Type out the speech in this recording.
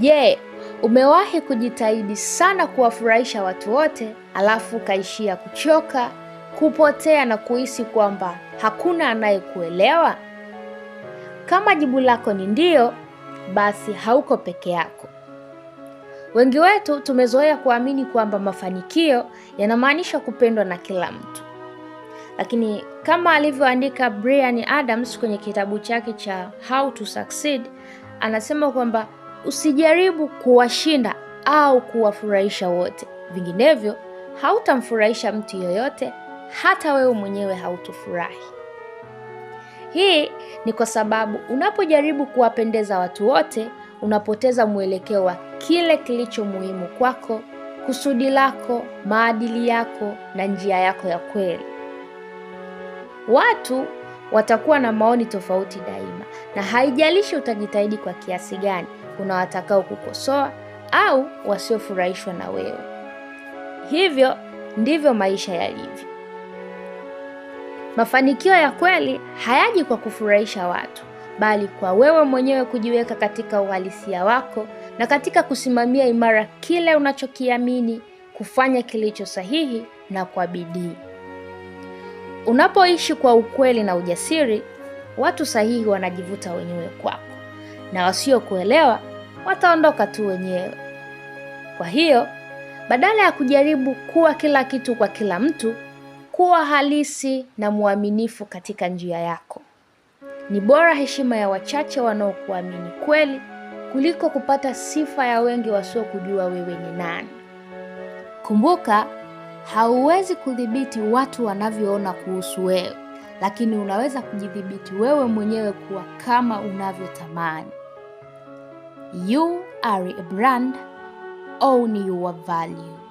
Je, umewahi kujitahidi sana kuwafurahisha watu wote alafu ukaishia kuchoka, kupotea na kuhisi kwamba hakuna anayekuelewa? Kama jibu lako ni ndio basi hauko peke yako. Wengi wetu tumezoea kuamini kwamba mafanikio yanamaanisha kupendwa na kila mtu, lakini kama alivyoandika Bryan Adams kwenye kitabu chake cha How to Succeed, anasema kwamba Usijaribu kuwashinda au kuwafurahisha wote, vinginevyo hautamfurahisha mtu yoyote, hata wewe mwenyewe hautofurahi. Hii ni kwa sababu unapojaribu kuwapendeza watu wote, unapoteza mwelekeo wa kile kilicho muhimu kwako, kusudi lako, maadili yako na njia yako ya kweli. Watu watakuwa na maoni tofauti daima, na haijalishi utajitahidi kwa kiasi gani, kuna watakao kukosoa au wasiofurahishwa na wewe. Hivyo ndivyo maisha yalivyo. Mafanikio ya kweli hayaji kwa kufurahisha watu, bali kwa wewe mwenyewe kujiweka katika uhalisia wako na katika kusimamia imara kile unachokiamini, kufanya kilicho sahihi na kwa bidii. Unapoishi kwa ukweli na ujasiri, watu sahihi wanajivuta wenyewe kwako, na wasiokuelewa wataondoka tu wenyewe. Kwa hiyo badala ya kujaribu kuwa kila kitu kwa kila mtu, kuwa halisi na mwaminifu katika njia yako. Ni bora heshima ya wachache wanaokuamini kweli kuliko kupata sifa ya wengi wasiokujua wewe ni nani. Kumbuka, hauwezi kudhibiti watu wanavyoona kuhusu wewe, lakini unaweza kujidhibiti wewe mwenyewe kuwa kama unavyotamani. You are a brand, own your value.